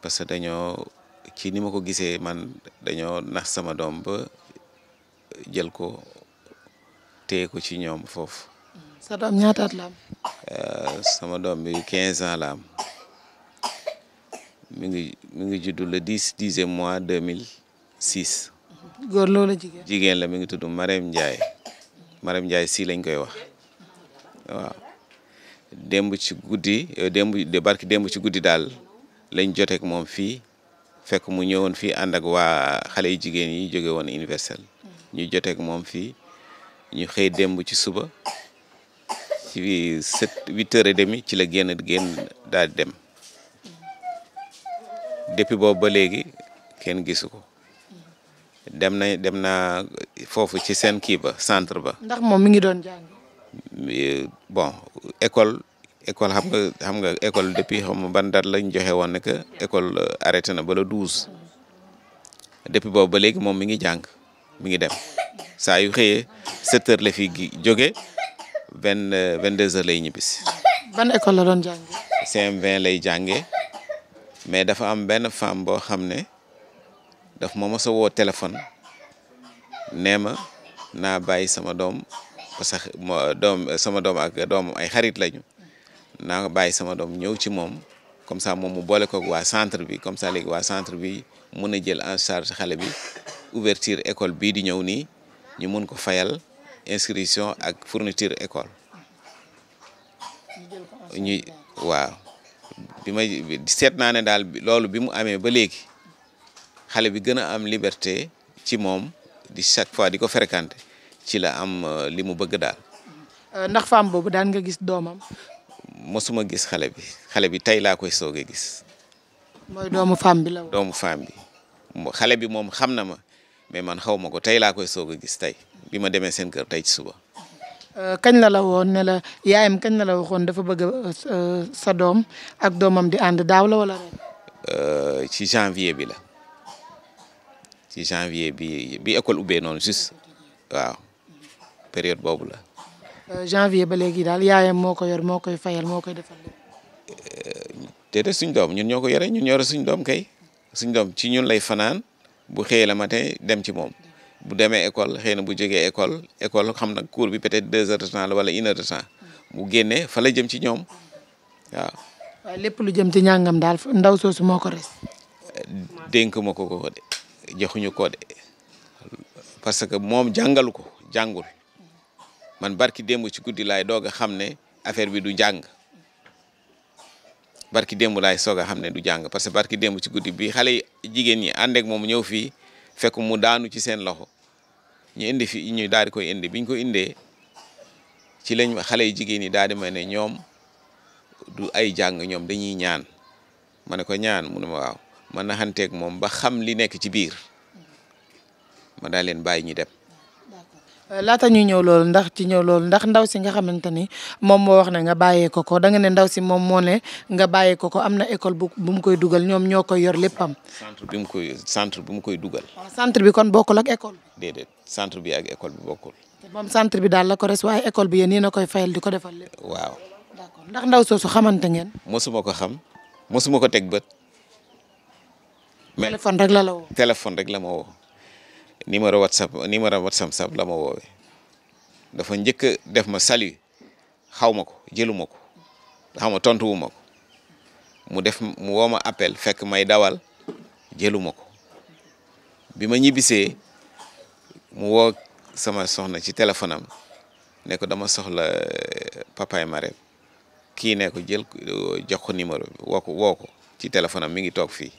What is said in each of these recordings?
parce que dañoo ci ni ma ko gisee man dañoo nax sama doom ba jël ko téye ko ci ñoom foofu. sa doom euh, sama doom bi 15 ans la am mi ngi mi ngi juddu le 10 10e mois 2006. góor loola jigéen. jigéen la mi ngi tudd Marème Ndiaye Marème Ndiaye si lañ koy wax waaw demb ci guddi euh, démb barki démb ci guddi daal. lañ joteek moom fii fekk mu ñëwoon fii ànd ak waa xale yu jigéen yi jóge woon universel ñu joteek moom fii ñu xëy démb ci suba ci sept huit heures et demi ci la génn génn daal dem depuis boobu ba léegi kenn gisu ko dem na dem naa foofu ci seen kii ba centre ba. ndax moom mi ngi doon jàng. Euh, bon école école xam xam nga école depuis xam nga ban date lañ joxe woon ne que école euh, arrêté na ba le douze depuis boobu ba léegi moom mi ngi jàng mi ngi dem saa yu xëyee sept heures la fi jóge vingt euh, vingt deux heures lay ñibbisi. ban école la doon jàngee. CM20 lay jàngee mais dafa am benn femme boo xam ne daf ma mos a woo téléphone nee ma naa bàyyi sama doom parce que doom sama doom ak doomam ay xarit lañu. naa ko bàyyi sama doom ñëw ci moom comme ça moom mu boole koog waa centre bi comme ça léegi waa centre bi mun a jël en charge xale bi ouverture école bii di ñëw nii ñu mun ko fayal inscription ak fourniture école ñuy waaw bi ma seet naa ne daal loolu bi mu amee ba léegi xale bi gën a am liberté ci moom di chaque fois di ko fréquenter ci la am euh, li mu bëgg daal. Euh, ndax femme boobu daan nga gis doomam mosuma gis xale bi xale bi tey laa koy soogee gis. mooy doomu femme bi la doomu femme bi xale bi moom xam na ma mais man xaw ma ko tey laa koy soog a gis tey bi ma demee seen kër tey ci suba. Euh, kañ la la woon ne la yaayam kañ la la waxoon dafa bëgg euh, sa doom ak doomam di ànd daaw la wala ren. Euh, ci janvier bi la ci janvier bi bi école ubbee noonu juste waaw période boobu la. Euh, janvier ba léegi daal yaayam moo ko yor moo koy fayal moo koy defal. Eh, te de suñ doom ñun ñoo ko yore ñun yore suñ doom kay suñ doom ci ñun lay fanaan bu xëyee la matin dem ci moom bu demee école xëy na bu jógee école école xam nag cours bi peut-être deux heures de temps la wala une heure de temps bu génnee fa la jëm ci ñoom waaw. waaw lépp lu jëm ci ñàngam daal ndaw soosu moo ko res. dénk ma ko ko de joxuñu ko de parce que moom jàngalu ko jàngul. man barki dembu ci guddi laay doog a xam ne affaire bi du jàng barki dembu laay soog a xam ne du jàng parce que barki démb ci guddi bi xale jigéen ñi ànd ak moom ñëw fii fekk mu daanu ci seen loxo ñu indi fi ñu daal di koy indi biñ ko indee ci lañ xale yi jigéen ñi daal di ma ne ñoom du ay jàng ñoom dañuy ñaan ma ne ko ñaan mu ne ma waaw ma naxanteeg moom ba xam li nekk ci biir ma daal leen bàyyi ñu dem. Euh, laata ñuy ñëw loolu ndax ci ñëw loolu ndax ndaw si nga xamante ni moom moo wax ne nga bàyyee ko ko da ne ndaw si moom moo ne nga bàyyee ko ko am na école bu bu mu koy dugal ñoom ñoo koy yor léppam. centre bi mu koy centre bi mu koy dugal. centre bi kon bokkul ak école. déedéet centre bi école bi bokkul. moom centre bi daal la ko res waaye école bi yéen nii koy fayal di ko defal lépp. waaw d'accord ndax ndaw soosu xamante ngeen. mosuma ko xam mosuma ko teg bët. mais téléphone rek la la téléphone rek la ma woo. numéro whatsapp numéro whatsapp sab la ma woowee dafa njëkk def ma salut xaw ma ko jëluma ko xaw ma tontu wu ko mu def mu woo ma appel fekk may dawal jëluma ko bi ma ñibbisee mu woo sama soxna ci téléphonam nekk dama soxla euh, papaay Marème ki nekk jël jox ko numéro bi woo ci téléphone am mi ngi toog fii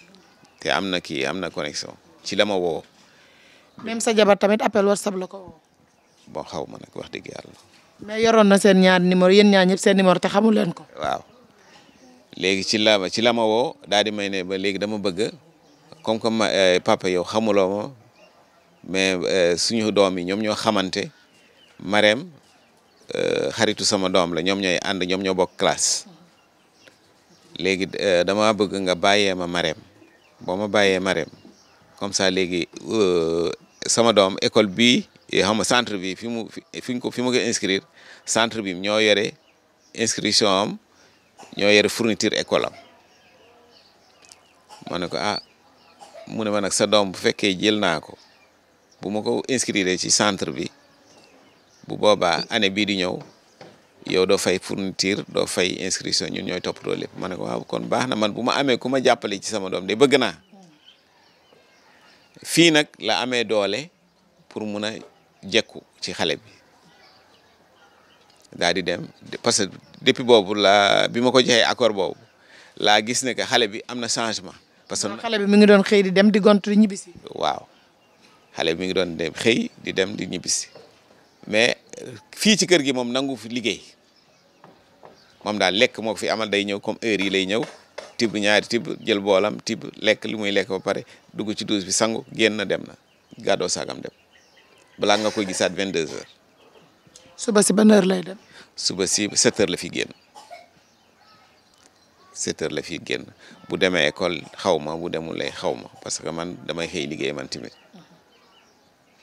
te am na kii am na connexion ci la ma woo même sa jabar tamit appel whatsapp la ko woo. bon xaw ma nag wax dëgg yàlla. mais yoroon na seen ñaan numéro yéen ñaar ñëpp seen numéro te xamu leen ko. waaw léegi ci la ma ci la daal di may ne ba léegi dama bëgg comme comme eh, yow xamuloo mais eh, suñu doom yi ñoom ñoo xamante Marème eh, xaritu sama doom la ñoom ñooy ànd ñoom ñoo bokk classe léegi dama bëgg nga bàyyee ma Marème boo ma bàyyee Marème comme ça léegi. Euh, sama doom école bii eh, xam nga centre bi fi mu fi ñu ko fi mu ko inscrire centre bi ñoo yare inscription am ñoo yore fourniture école am ma ne ko ah mu ne ma nag sa doom bu fekkee jël naa ko bu ma ko inscrire ci centre bi bu boobaa année bii di ñëw yow doo fay fourniture doo fay inscription ñun ñooy toppatoo lépp ma ne ko waaw kon baax na man bu ma amee ku ma jàppale ci sama doom de bëgg na fii nag la amee doole pour mun a jekku ci xale bi daal di dem parce que depuis boobu la bi ma ko joxee accord boobu laa gis ne que xale bi am na changement. parce que xale bi mi ngi doon xëy di dem di gont di ñibbisi. waaw xale bi mi ngi doon dem xëy di dem di ñibbisi mais fii ci kër gi moom nangu fi liggéey moom daal lekk moo fi amal day ñëw comme heure yi lay ñëw. tibb ñaari tibb jël boolam tibb lekk li muy lekk ba pare dugg ci douche bi sangu génn dem na gàddoo saagam dem balaa nga koy gisaat 22 heures. suba si ban heure lay dem. suba si 7 heures la fi génn 7 la fi génn bu demee école xawma ma bu demul lay xaw ma parce que man damay xëy liggéey man tamit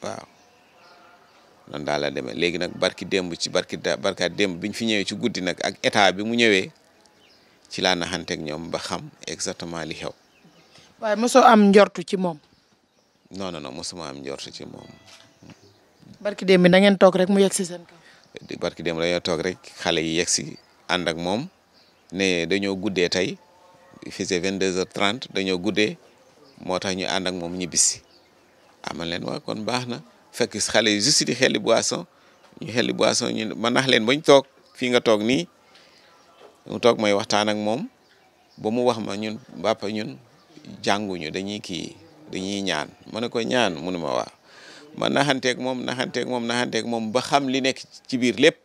waaw. noonu daal la demee léegi nag barki demb ci barki da barkaat bi ñu fi ñëwee ci guddi nag ak état bi mu ñëwee. ci laa naxanteeg ñoom ba xam exactement li xew. waaye mosoo am njortu ci moom. non non non mosuma am njortu ci moom. barki démb bi na ngeen toog rek mu yegg si seen kaw. barki démb dañoo toog rek xale yi yegg si ànd ak moom ne dañoo guddee tey il faisait vingt trente dañoo guddee moo tax ñu ànd ak moom ñibbisi amal ah, leen waa kon baax na fekk xale yi di xelli boisson ñu xelli boisson ñu ma nax leen bañ toog fii nga toog nii. mu toog may waxtaan ak moom ba mu wax ma ñun bappa ñun jànguñu dañuy kii dañuy ñaan ma ne ko ñaan mu ne ma waa ma naxanteeg moom naxanteeg moom naxanteeg moom ba xam li nekk ci biir lépp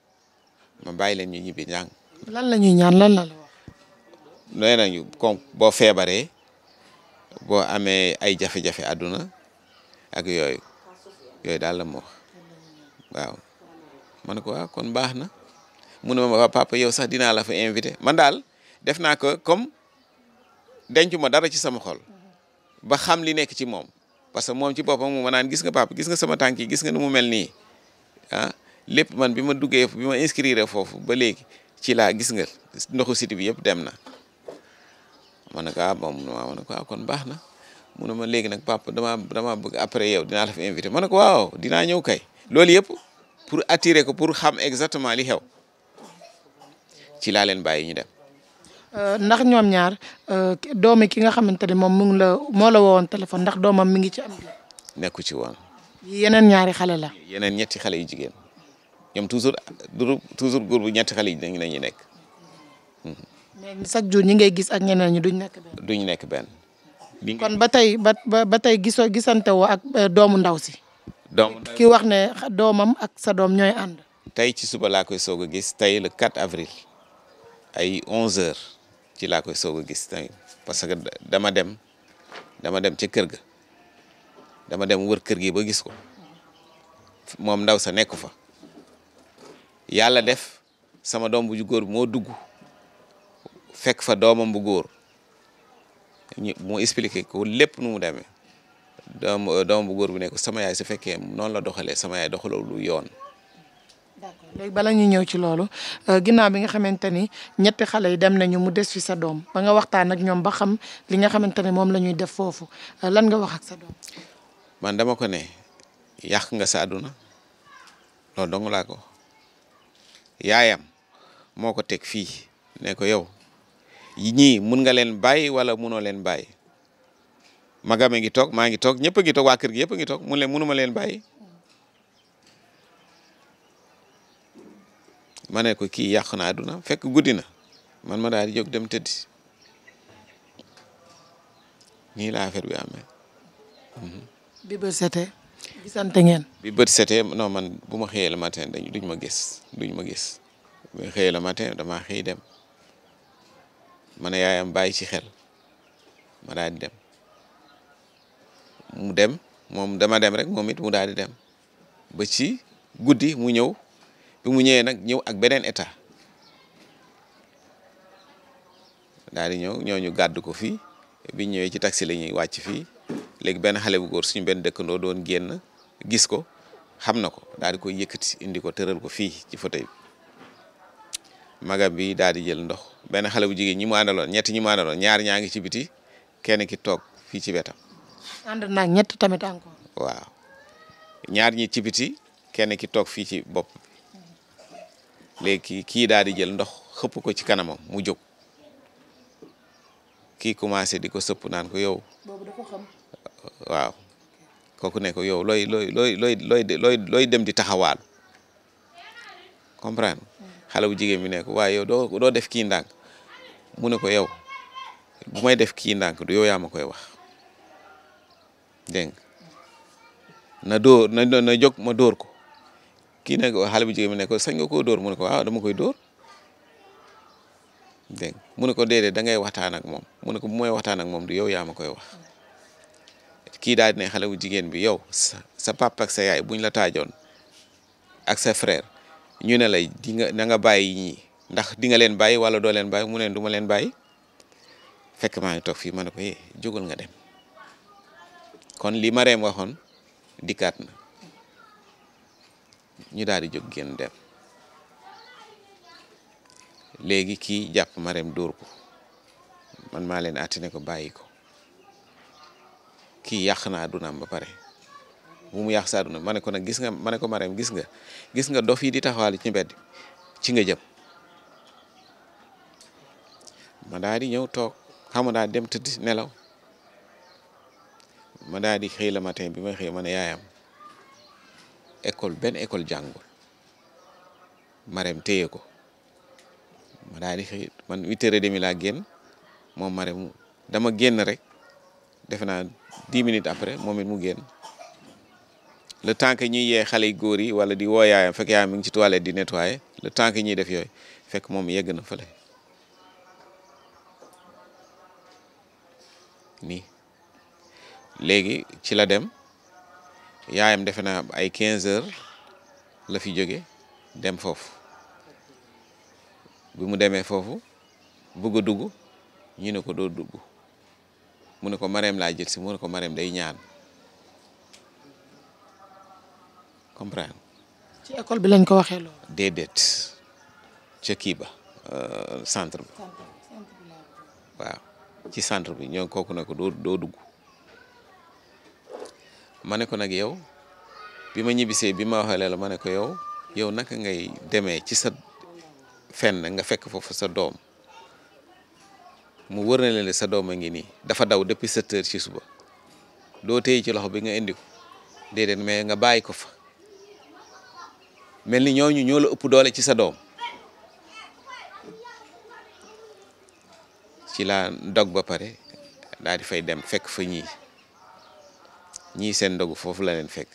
ma bàyyi leen ñu ñibbi njàng. lan la ñuy ñaan lan na la wax. nee nañu kon boo feebaree boo amee ay jafe-jafe àdduna ak yooyu yooyu daal la ma waaw ma ne ko waaw kon baax na. mu ne ma papa yow sax dinaa la fa invité man daal def naa ko comme dencu ma dara ci sama xol ba xam li nekk ci moom parce que moom ci boppam mu ma naan gis nga papa gis nga sama tànk yi gis nga nu mu mel nii ah lépp man bi ma duggee bi ma inscrire foofu ba léegi ci laa gis nga ndoxu siti bi yëpp dem na. ma ne ko ah bon ma ko ah, kon baax na mun ne ma léegi nag papa dama damaa bëgg après yow dinaa la fa invité ma ne ko waaw dinaa ñëw kay loolu yëpp pour attirer ko pour xam exactement li xew. ci laa leen bàyyi ñu dem. Euh, ndax ñoom ñaar euh, doomi ki nga xamante ne moom mu la moo la woowoon téléphone ndax doomam mi ngi ci am. nekku ci woon. yeneen ñaari xale la. yeneen ñetti xale yu jigéen ñoom toujours toujours góor bu ñetti xale yi dañu la ñuy nekk. mais chaque jour ñi ngay gis ak ñeneen ñi duñ nekk benn. duñ nekk benn. kon ba tey ba ba tey gisoo gisante woo ak euh, doomu ndaw si. doomu ki wax ne doomam ak sa doom ñooy ànd. tey ci suba laa koy soog a gis tey le 4 avril. ay onze heures ci laa koy soog a gis tamit parce que dama dem dama dem ci kër ga dama dem wër kër gi ba gis ko moom ndaw sa nekk fa yàlla def sama doom bu góor moo dugg fekk fa doomam bu góor ñu mu explique ko lépp nu mu demee doom doomam bu góor bu nekk sama yaay su fekkee noonu la doxalee sama yaay doxalul yoon. léegi bala ñuy ñëw ci loolu euh, ginnaaw bi nga xamante ni ñetti xale yi dem nañu mu des fi sa doom ba nga waxtaan ak ñoom ba xam li nga xamante ne moom la ñuy def foofu euh, lan nga wax sa doom. man dama ko ne yàq nga sa àdduna dong laa ko yaayam moo ko teg fii ne ko yow ñii mun nga leen bàyyi wala munoo leen bàyyi magame ngi toog maa ngi toog ñëpp a kër gi yëpp a mu toog mun leen munuma leen bàyyi. ma ne ko kii yàq na àdduna fekk guddi na man ma daal di jóg dem tëddi nii la affaire bi amee. Mhm. bi bët setee. gisante bi bët setee non man bu ma xëyee le matin dañ duñ ma gis duñ ma gis bu ma xëyee le matin damaa xëy dem ma ne yaayam bàyyi ci xel ma daal dem mu dem moom dama dem rek moom mu daal di dem ba ci guddi mu ñëw. bi mu ñëwee nag ñëw ak beneen état daal di ñëw ñooñu gàdd ko fii bi ñëwee ci taxi la ñuy wàcc fii léegi benn xale bu góor suñu benn dëkkandoo doon génn gis ko xam na ko daal di koy yëkkati indi ko tëral ko fii ci fauteuil bi magam bi daal di jël ndox benn xale bu jigéen ñi mu ñetti ñi mu ñaar ñaa ngi ci biti kenn ki toog fii ci wetam. ànd naag ñett waaw ñaar ñi ci biti kenn ki toog fii ci bopp. léegi kii daal di jël ndox xëpp ko ci kanamam mu jog kii commencé di ko sëpp naan ko yow. boobu dafa xam. kooku ne ko yow looy looy looy looy looy looy dem di taxawaal comprendre xale bu jigéen bi ne ko waaye doo doo def kii ndànk mu ne ko yow bu may def kii ndànk du yow yaa ma koy wax dégg na dóor na na jóg ma dóor ko. kii ne ko xale bi ne ko sañ nga koo dóor mu ne ko dama koy dóor dégg mu ne ko déedéet da ngay waxtaan ak moom mu ne ko bu waxtaan ak moom du yow yaama koy wax kii daal ne xale bu jigéen bi yow sa sa papa ak sa yaay buñ la taajoon ak sa frère ñu ne la di nga na bàyyi ndax dinga leen bàyyi wala doo leen bàyyi mu ne du leen bàyyi fek maa ngi toog fii ma ne ko eh jógal nga dem kon li Marème waxoon dikkaat na. ñu daal di jóg génn dem léegi kii jàpp marem dóor ko man maa leen àttine ko bàyyi ko kii yàq na àddunaam ba pare bu mu yàq sa àdduna ma ne ko nag gis nga ma ne ko Marème gis nga gis nga dof yi di taxawal ci mbedd ci nga jëm ma daal di ñëw toog xam nga dem tëdd nelaw ma daal di xëy la matin bi ma xëy ma ne yaayam école benn école jàngul Marème téye ko ma daal man huit heures et demi génn moom Marème dama génn rek defe naa dix minutes après moom it mu génn le temps que ñuy yee xale yu góor yi wala di woo yaayam fekk yaayam mi ngi ci toilette di nettoyer le temps que ñuy def yooy fekk moom yegg na fële nii léegi ci la dem. yaayam defe naa ay 15 heures la fi jóge dem foofu bi mu demee foofu bëgg a dugg ñu ne ko doo dugg mu ne ko mareem laa jël si mu ne ko mareem day ñaan comprendre. ci école bi lañ ko waxee loolu. déedéet ca kii ba euh, centre bi. waaw ci centre bi ñoo kooku ne ko doo doo dugg. ma ne ko nag yow bi ma ñibbisee bi ma waxalee la ma ne ko yow yow naka ngay demee ci sa fenn nga fekk foofu sa doom mu wër na leen sa doom a ngi nii dafa daw depuis sept heures ci suba doo téye ci loxo bi nga indi ko déedéet mais nga bàyyi ko fa mel ni ñooñu ñoo la ëpp doole ci sa doom ci laa dog ba pare daal di fay dem fekk fa ñii ñii seen ndogu foofu la leen fekk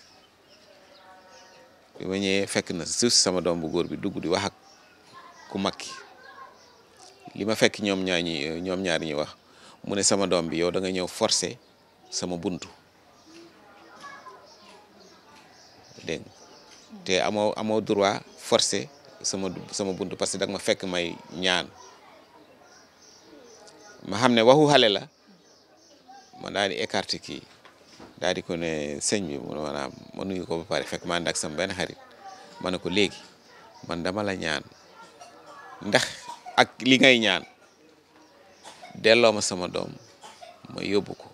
bi ma ñëwee fekk na suuf sama doom bu góor bi dugg di wax ak ku makki li ma fekk ñoom ñaar ñi ñoom wax mu ne sama doom bi yow da nga ñëw forcer sama buntu dégg te amoo droit forcer sama sama buntu parce que da ma fekk may ñaan ma xam ne waxu xale la ma daal di écarter kii. daal ko ne sëñ bi maanaam ma nuyu ko ba pare fekk ma ànd ak sama benn xarit ma ne ko léegi man dama la ñaan ndax ak li ngay ñaan delloo ma sama doom ma yóbbu ko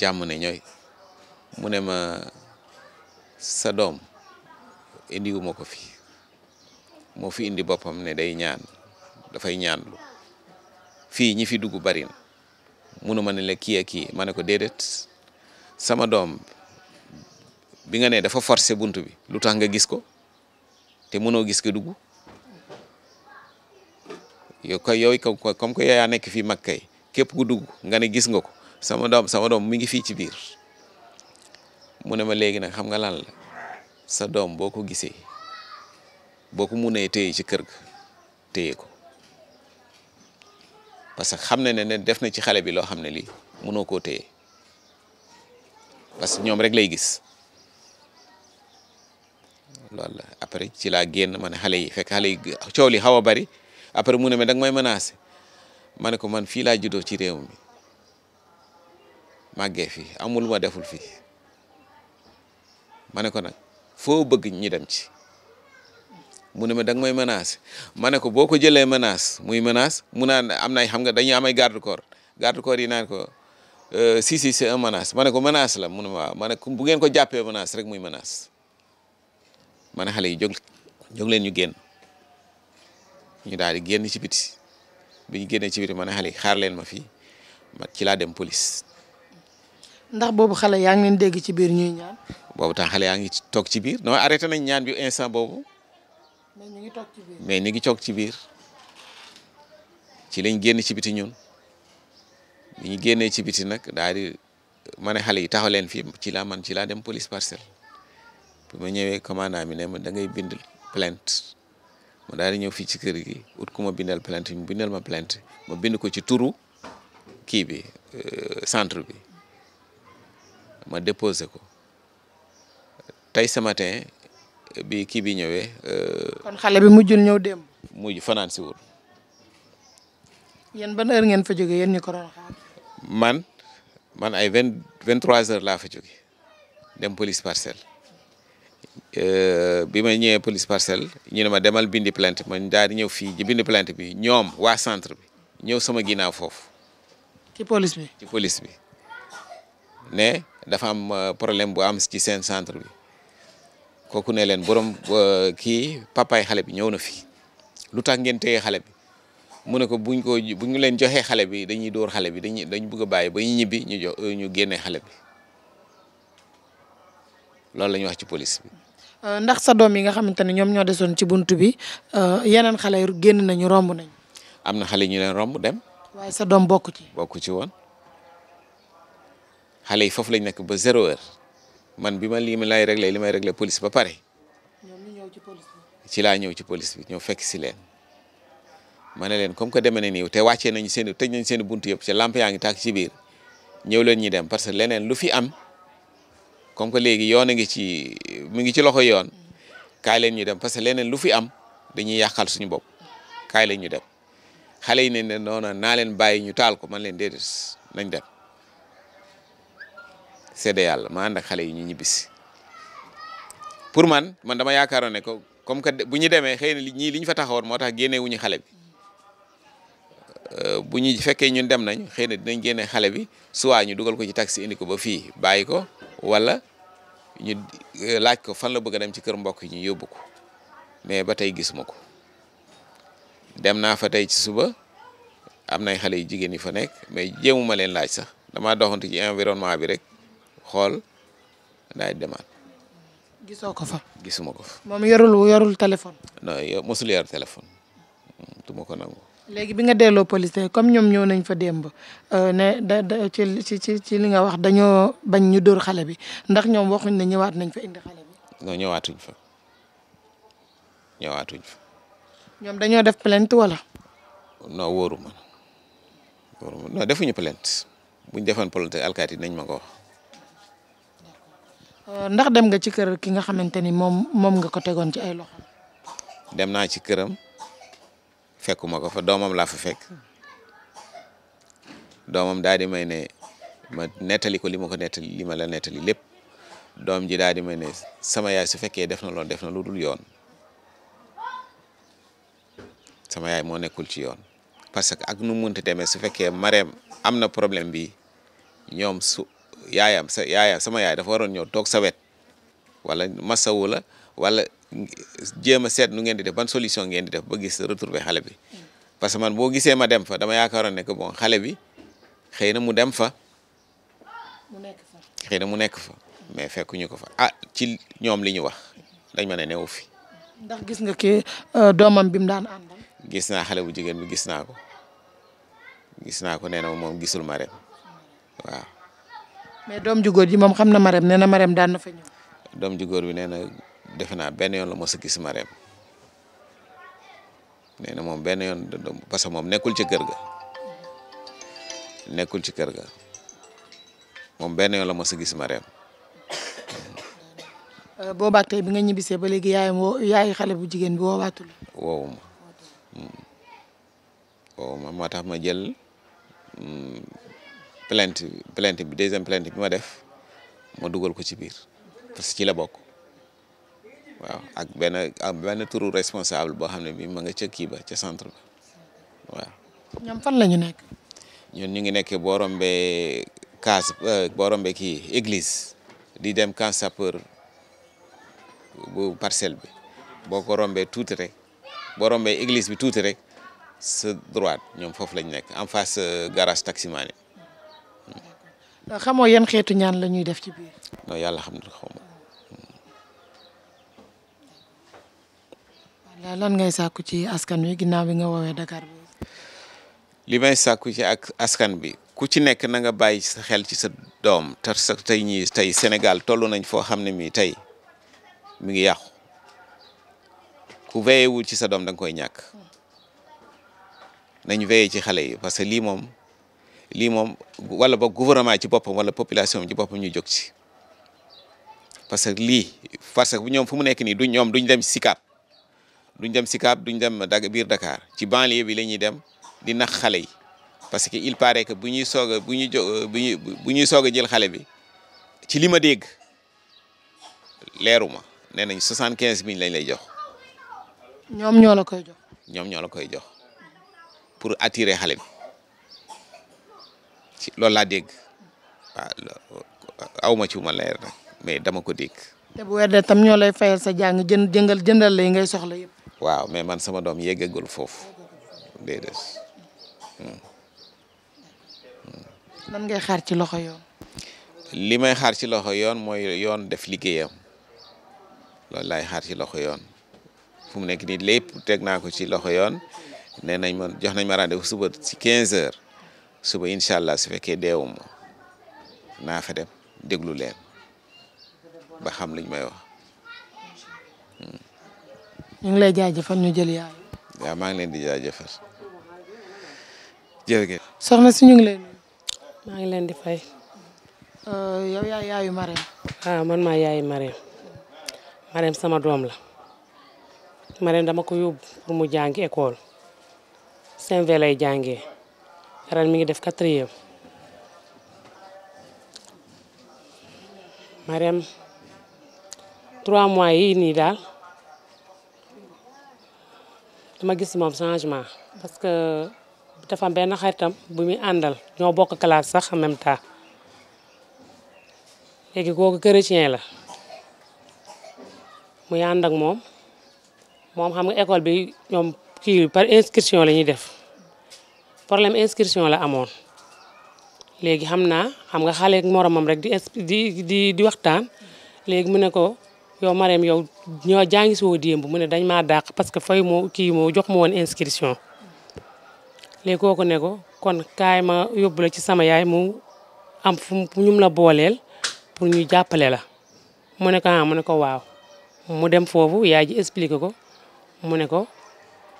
jàmm ne ñooy mu ne ma sa doom indiwuma ko fi moo fi indi boppam ne day ñaan dafay ñaanlu fii ñi fi dugg bari na munuma ne la kii ak kii ma ne ko déedéet sama doom bi nga nee dafa forcer bunt bi lu tax nga gis ko te mënoo gis ko dugg yow koy yow comme que nekk fii mag kay képp ku dugg nga ne gis nga ko sama doom sama doom mi ngi fii ci biir mu ne ma léegi nag xam nga lan sa doom boo ko gisee boo ko munee téye ci kër ga téye ko. parce que xam na ne ne def na ci xale bi loo xam ne lii mënoo koo téye parce que ñoom rek lay gis loolu après ci laa génn ma ne xale yi fekk xale yi coow li xaw a bari après mu ne ma danga may menacé ma ne ko man fii laa juddoo ci réew mi màggee fi amul ma deful fii ma ne ko nag foo bëgg ñu dem ci. mu ma da nga may menace ma ne ko boo ko jëlee menace muy menace mu naan am na ay xam nga dañuy am ay garde corps yi naan ko euh, si si c'est un menace ma ne ko menace la mu ne ma waaw ko bu ngeen ko jàppee menace rek muy menace mane ne xale yi jóg jóg leen ñu génn ñu daal di génn ci biti bi ñu génnee ci biti ma ne yi xaar leen ma fii ma ci laa dem police. ndax boobu xale yaa ngi leen dégg ci biir ñuy ñaan. boobu tam xale yaa ngi toog ci biir non arrêté nañ ñaan bi instant boobu. mais ñu ngi toog ci biir mais ñu ngi toog ci biir ci lañ génn ci biti ñun bi ñu génnee ci biti nag daal di ma ne xale yi taxaw leen fii ci laa man ci laa dem police parcelle bi ma ñëwee commandant mi ne ma da ngay bind plaint ma daal di ñëw fii ci kër gi ut ku ma bindal plainte mu ma plainte ma bind ko ci turu kii bi euh, centre bi ma déposé ko tey ce matin. bi kii bi ñëwee. Euh, kon xale bi mujjul ñëw démb. mujj fanaan si wul. yéen ban heure ngeen fa jóge yéen ñu ko doon man man ay vingt vingt trois heures laa fa jógee dem police parcelle euh, bi ma ñëwee police parcelle ñu ne ma demal bindi plainte man daal di ñëw fii ji bindi plainte bi ñoom waa centre bi ñëw sama ginnaaw foofu. ki police bi ci police bi. ne dafa am euh, problème bu am ci seen centre bi. kooku ne leen borom kii papaay xale bi ñëw na fi lu tax ngeen téye xale bi mu ne ko buñ ko buñ leen joxee xale bi dañuy dóor xale bi dañuy dañ bëgg a bàyyi ba ñu ñibbi ñu jox euh, ñu génnee xale bi loolu la wax ci police bi. Euh, ndax sa doom yi nga xamante ne ñoom ñoo desoon ci bunt bi euh, yeneen xale génn nañu romb nañ am na xale ñu leen romb dem. waaye sa doom bokku ci. bokku ci woon xale yi foofu lañ nekk ba zéro heure. man bi ma lii lay regle li may réglé police ba pare. ci laa ñëw ci police bi ñëw fekk si leen. ma ne leen comme que demee na nii te wàccee nañu seen tëj nañ seen buntu yëpp ci lamp yaa ngi tàkk ci biir ñëw leen ñi dem parce que leneen lu fi am comme que léegi yoon a ngi ci mu ngi ci loxo yoon kaay leen ñu dem parce que leneen lu fi am dañuy yàqal suñu bopp kaay leen ñu dem xale yi ne ne noona naa leen bàyyi ñu taal ko man leen déedéet nañ dem. seede yàlla ma ànd xale yi ñu ñibbisi pour man man dama yaakaaroon ne ko comme que bu ñu demee xëy na ñii li ñu fa taxawoon moo tax génne wuñu xale euh, bu ñu fekkee ñun dem nañ xëy na dinañ génne xale bi soit ñu dugal ko ci taxi indi ko ba fii bàyyi ko wala ñu euh, laaj ko fan la bëgg dem ci kër mbokk yi ñu yóbbu ko mais ba tey gisuma ko dem naa fa tey ci suba am nay xale yu jigéen yi fa nekk mais jéemuma leen laaj sax dama doxantu ci environnement bi rek xool daay demaat. gisoo ko fa. gisuma ko fa. moom yorul yorul téléphone. non mosul yor téléphone mm, du ma ko nangu. léegi bi nga delloo police comme ñoom ñëw nañ fa démb euh, ne da ci ci ci li nga wax dañoo bañ ñu dóor xale bi ndax ñoom waxuñ na ñëwaat nañ fa indi xale bi. non ñëwaatuñ fa ñëwaatuñ fa. ñoom dañoo def plainte wala. non woruma ma wóoru defuñu plainte buñ defoon plainte alkaati nañ ma ko Euh, ndax dem nga ci kër ki nga xamante ni moom moom nga ko tegoon ci ay loxo. dem naa ci këram fekkuma ko fa doomam laa fa fekk doomam daal di may ne ma nettali ko li ma ko nettali li ma la nettali lépp doom ji daal di may ne sama yaay su fekkee def na loolu def na lu dul yoon sama yaay moo nekkul ci yoon parce que ak nu mu munti demee su fekkee mareem am na problème bi ñoom su. yaayam sa yaayam sama yaay dafa waroon ñëw toog sa wet wala masawu la wala jéem a seet nu ngeen di def ban solution ngeen di def ba gis retrouver xale bi parce que man boo gisee ma dem fa dama yaakaaroon ne que bon xale bi xëy na mu dem fa. mu nekk fa xëy na mu nekk fa mais fekkuñu ko fa ah ci ñoom li ñu wax dañ ma ne newu fi. ndax gis nga ki euh, doomam bi mu daan àndal. gis naa xale bu jigéen gis naa ko gis naa ko nee na moom gisul ma rem mais doom ju góor ji moom xam na Marème nee na Marème daan na fa doom ju góor bi nee na defe naa benn yoon la mos a gis Marème nee na moom benn yoon que moom nekkul ci kër ga ci kër ga moom benn yoon la mos gis Marème. Euh, boobaag tey bi nga ñibbisee ba léegi yaay woo yaay xale bu jigéen bi woowaatul. woowuma mm. woowuma moo tax jël. Mm, plainte plainte bi deuxième plainte bi ma def moo dugal ko ci biir parce que ci la bokk waaw ak benn benn turu responsable boo xam ne bi ma nga ca kii ba ca centre waaw. ñoom fan la ñu nekk. ñu ngi nekk boo rombee case euh, boo kii église di dem camp sapeur bu parcelle bi boo ko rombee tuuti rek boo rombee église bi tuuti rek sa droit ñoom foofu lañ nekk en face euh, garage taximaane xamoo yan xeetu ñaan la ñuy def ci biir. yàlla xam na xaw ma. ngay sàkku ci askan wi ginnaaw bi nga woowee Dakar li may sàkku ci ak askan bi ku ci nekk na nga bàyyi sa xel ci sa doom te sa tey tey Sénégal toll nañ foo xam ne mii tey mi ngi yàqu ku veillé wul ci sa doom da koy ñàkk nañ veillé ci xale yi parce que lii moom. lii moom wala ba gouvernement ci boppam wala population ci boppam ñu jóg ci parce que lii parce que bu ñoom fu mu nekk nii du ñoom duñ dem Sicap duñ dem Sicap duñ dem dag biir dakaar ci banlieue bi la ñuy dem di nax xale yi parce que il paraît que bu ñuy soog bu ñuy jo euh, bu ñuy bu ñuy soog a jël xale bi ci li ma dégg leeruma nee nañ soixante-quinze mille lañ lay jox. ñoom ñoo koy jox. ñoom ñoo la koy jox pour attirer xale bi. ci loolu laa dégg waaw awma ci ma leer nag mais dama ko dégg. te bu weer tam ñoo lay fayal sa jàng jënd jëngal jëndal lay ngay soxla yëpp. waaw mais man sama doom yeggagul foofu déedéet. Hmm. lan ngay xaar ci loxo yoon. li may xaar ci loxo yoon mooy yoon def liggéeyam loolu laay xaar ci loxo yoon fu nekk nii lépp teg naa ko ci loxo yoon nee nañ ma jox nañ ma rendez-vous suba si 15 heures. suba incha allah su fekkee deewuma naa fa dem déglu leen ba xam may wax. Hmm. ngi lay jaajëfal ñu jël yaay. waaw maa ngi leen si ñu ngi lay nuyu. leen di fay. Euh, yow yaay yaayu Marème. waaw ah, man maa yaayu Marème. Marème sama doom la. Marème dama ko yóbbu pour mu jàngi école. saint lay jàngee. ren mi ngi def quatrième Mariam trois mois yi nii daal ma gis moom changement parce que dafa am benn xaritam bu muy àndal ñoo bokk classe sax en même temps la muy ànd ak moom moom xam nga école bi ñoom kii par inscription la ñuy def problème inscription la amoon léegi xam naa xam nga xale moromam rek di di di waxtaan léegi mu ne ko yow Marème yow ñoo jàngi si woo démb mu ne dañ maa dàq parce que fay moo kii moo jox ma woon inscription léegi ne ko kon kaay ma yóbbu ci sama yaay mu am fu ñum la booleel pour ñu jàppale la mu ne ko ah mu ne ko waaw mu dem foofu yaay ji expliqué ko mu ne ko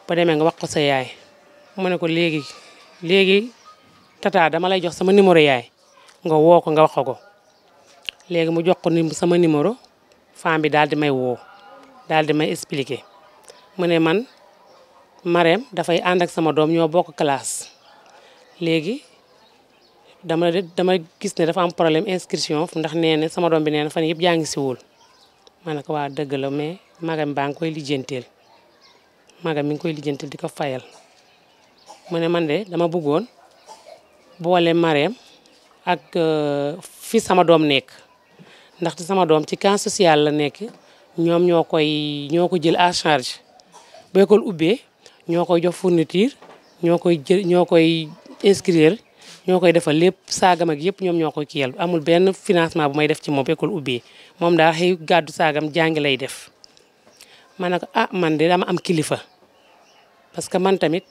ba demee nga wax ko sa yaay mu ne ko léegi léegi tata dama lay jox sama numéro yaay nga woo ko nga wax ko léegi mu jox ko sama numéro femme bi daal di may woo daal di may expliquer mu ne man Marème dafay ànd ak sama doom ñoo bokk classe léegi dama dama gis ne dafa am problème inscription ndax nee na sama doom bi nee fan yëpp jàngi siwul ma ne ko waa dëgg la mais magam baa ngi koy lijjanteel magam mi ngi koy lijjanteel di ko fayal mu ne man de dama bëggoon boole Marème ak euh, fi sama doom nekk ndaxte sama doom ci camp sociale la nekk ñoom ñoo koy ñoo ko jël à charge bu école ubbee ñoo koy jox fourniture ñoo koy jël ñoo koy inscrire ñoo koy defal lépp saagam ak yëpp ñoom ñoo koy kiyal amul benn financement bu may def ci moom école ubbee moom daa xëy gàddu saagam jàngi lay def ma ne ko ah man de dama am kilifa parce que man tamit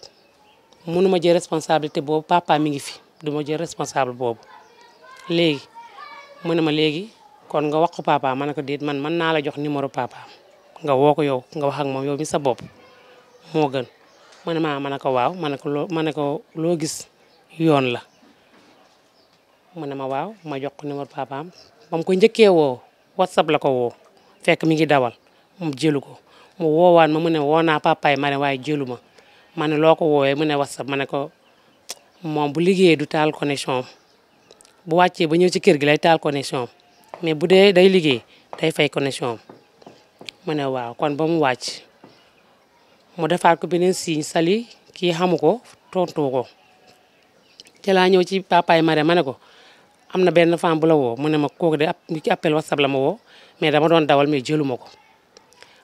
mënuma jël responsabilité boobu papa mi ngi fi du ma jël responsable boobu léegi mu ne ma léegi kon nga wax ko papa ma ne ko déet man mën naa la jox numéro papa nga woo ko yow nga wax ak moom yow mi sa bopp moo gën mu ne maa ma ne ko waaw ma ne ko loo ma ne ko loo gis yoon la mu ne ma waaw ma jox ko numéro papaam ba ko njëkkee woo whatsapp la ko woo fekk mi ngi dawal mu jëlu ko mu woowaan ma mu ne woo naa papaay ma ne waaye jëlu ma ma ne loo ko woowee mu ne whatsapp ma ne ko moom bu liggéeyee du taal connexion bu wàccee ba ñëw ci kër gi lay taal connexion mais bu dee day liggéey day fay connexion mu ne waaw kon ba mu wàcc mu defaat ko beneen signe sali kii xamu ko tontu ko ci laa ñëw ci papaay mare ma ne ko am na benn femme bu la woo mu ne ma kooku de ci appel whatsapp la ma woo mais dama doon dawal mais jëluma ko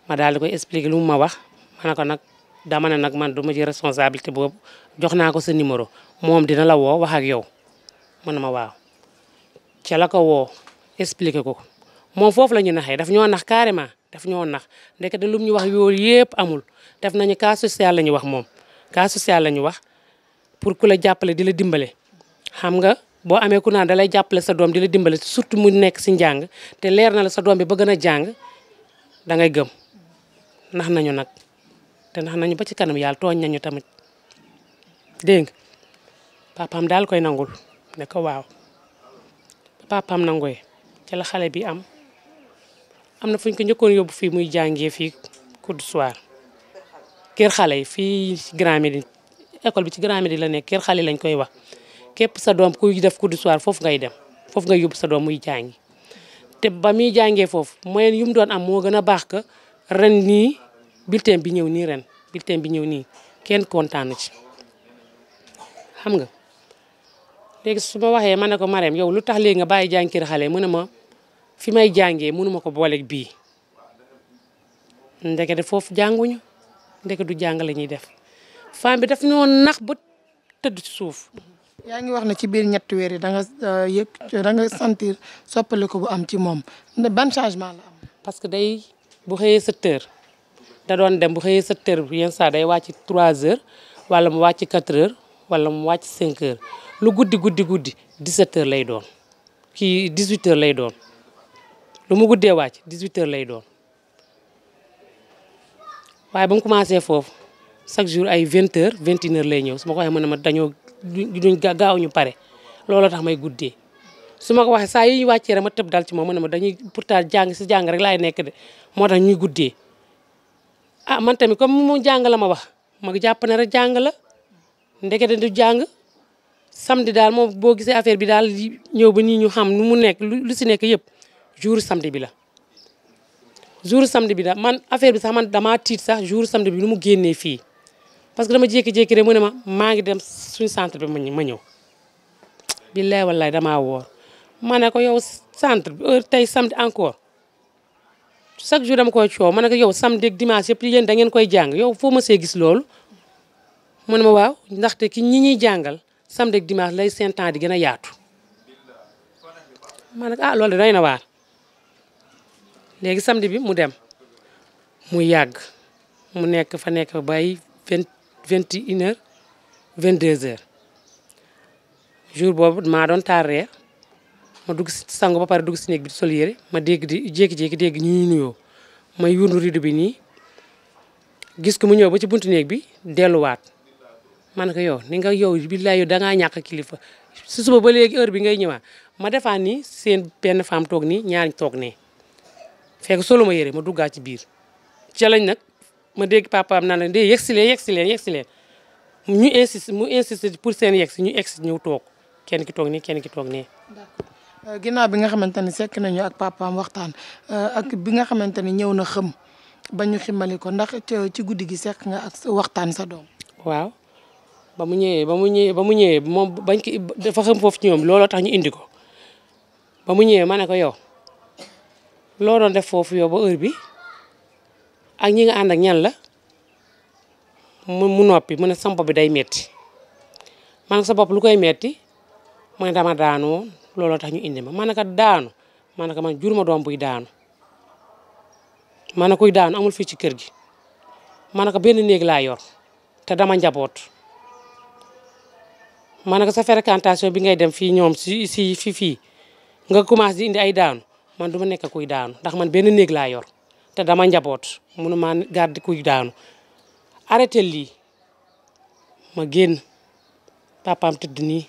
ma daal di koy expliquer lu ma wax dama nag man du ma ci responsabilité boobu jox naa ko sa numéro moom dina la woo wax ak yow man ma waaw. ca la ko woo expliqué ko moom foofu la ñu naxee daf ñoo nax carrément daf ñoo nax ndekete lum ñu wax yooyu yëpp amul def nañu cas social la ñu wax moom. cas social la ñu wax pour ku la jàppale di la dimbale xam nga. boo amee ku naan da lay jàppale sa doom di la dimbale surtout mu nekk si njàng te leer na la sa doom bi ba gën a jàng da ngay nañu nag te ndax nañu ba ci kanam yàlla tooñ nañu tamit dégg nga papaam daal koy nangul ne ko waaw papaam nangoy ca la xale bi am am na fu ñu ko njëkkoon yóbbu fii muy jànge fii cours du soir kër xale yi fii Grand Médine école bi ci Grand Médine la nekk kër xale lañ koy wax képp sa doom kuy def cours du soir foofu ngay dem foofu ngay yóbbu sa doom muy jàngi te ba muy jàngee foofu moyen yu doon am moo gën a baax ka ren nii bulletin bi ñëw nii ren bulletin bi ñëw nii kenn kontaanu ci xam nga léegi su ma waxee ma ne ko Marème yow lu tax léegi nga bàyyi jànkir xale mu ne ma fi may jàngee mënuma ko boole bii ndeke de foofu jànguñu ndeke du jàng la ñuy def femme bi daf ñoo nax ba tëdd ci suuf. yaa ngi wax na ci biir ñetti weer yi da nga euh, yëg da nga sentir soppaliku bu am ci moom ban changement la am. parce que day bu xëyee 7 da doon dem bu xëyee 7 bu yenn saa day wàcc 3 heures wala mu wàcc 4 heures wala mu wàcc 5 heures lu guddi guddi guddi 17 heures lay doon kii 18 heures lay doon lu mu guddee wàcc 18 heures lay doon waaye ba mu foofu chaque jour ay 20 heures 21 heures lay ñëw su ma ko waxee mu ne ma dañoo duñ gaaw ñu pare looloo tax may guddee su ma ko waxee saa yi wàccee rek ma tëb dal ci moom mu ne ma dañuy pourtant jàng si jàng rek laay nekk de moo tax ñuy guddee ah man tamit comme mu jàng la ma wax mag jàpp ne rek jàng la ndekete du jàng samedi daal moom boo gisee affaire bi daal ñëw ba nii ñu xam nu mu nekk lu si nekk yëpp jour samedi bi la. jour samedi bi daal man affaire bi sax man damaa tiit sax jour samedi bi lu mu génnee fii parce que dama jékki-jékki rek mu ne ma maa ngi dem suñu centre bi ma ñëw. billaay wallaay damaa woor ma ne ko yow centre bi heure tey samedi encore. chaque jour dama koy coow ma ne ko yow samedi ak dimanche yëpp yéen da ngeen koy jàng yow foo ma see gis loolu mu ne ma waaw ndaxte ki ñi ñuy jàngal samedi ak dimanche lay seen temps di gën a yaatu ma ne ko ah loolu day na waar léegi samde bi mu dem mu yàgg mu nekk fa nekk bay vingt vingt et une heure vingt deux heures jour boobu maa doon taar ma dugg si sangu ba pare dugg si néeg bi sol yére ma dégg di jékki-jékki dégg ñuy nuyoo ma yundu rido bi nii gis ko mu ñëw ba ci buntu néeg bi delluwaat ma ne ko yow ni nga yow billaay yow da ngaa ñàkk kilifa si suba ba léegi heure bi ngay ñëwaat ma defaat nii seen benn faam toog nii ñaari toog ne fek solo ma yére ma duggaa ci biir ca nag ma dégg papaam naan la dee yegg si leen yegg si leen yegg si leen ñu insiste mu insiste pour seen yegg si ñu egg si ñëw toog kenn ki toog nii kenn ki toog nee Euh, ginnaaw bi nga xamante ni sekk nañu ak papaam waxtaan euh, ak bi nga xamante ni ñëw na xëm ba ñu ximali ko ndax ci guddi gi sekk nga ak waxtaan sa doom. waaw ba mu ñëwee ba mu ñëwee ba mu ñëwee moom bañ ko dafa foofu ci ñoom looloo tax ñu indi ba mu ñëwee ma ne ko yow loo doon def foofu yow ba heure bi ak ñi nga ànd ak ñan la mu noppi mu ne sama bopp bi day metti man sa bopp lu koy metti mu ne dama daanu looloo tax ñu indi ma ma ne ko daanu ma ne man jur ma doom buy daanu ma ne kuy daanu amul fii ci kër gi ma ne ko benn néeg laa yor te dama njaboot ma ne ko sa fréquentation bi ngay dem fii ñoom si si fii nga commencé di indi ay daanu man du nekk kuy daanu ndax man benn néeg laa yor te dama njaboot munu ma garde kuy daanu arrêté lii ma génn papaam tëdd nii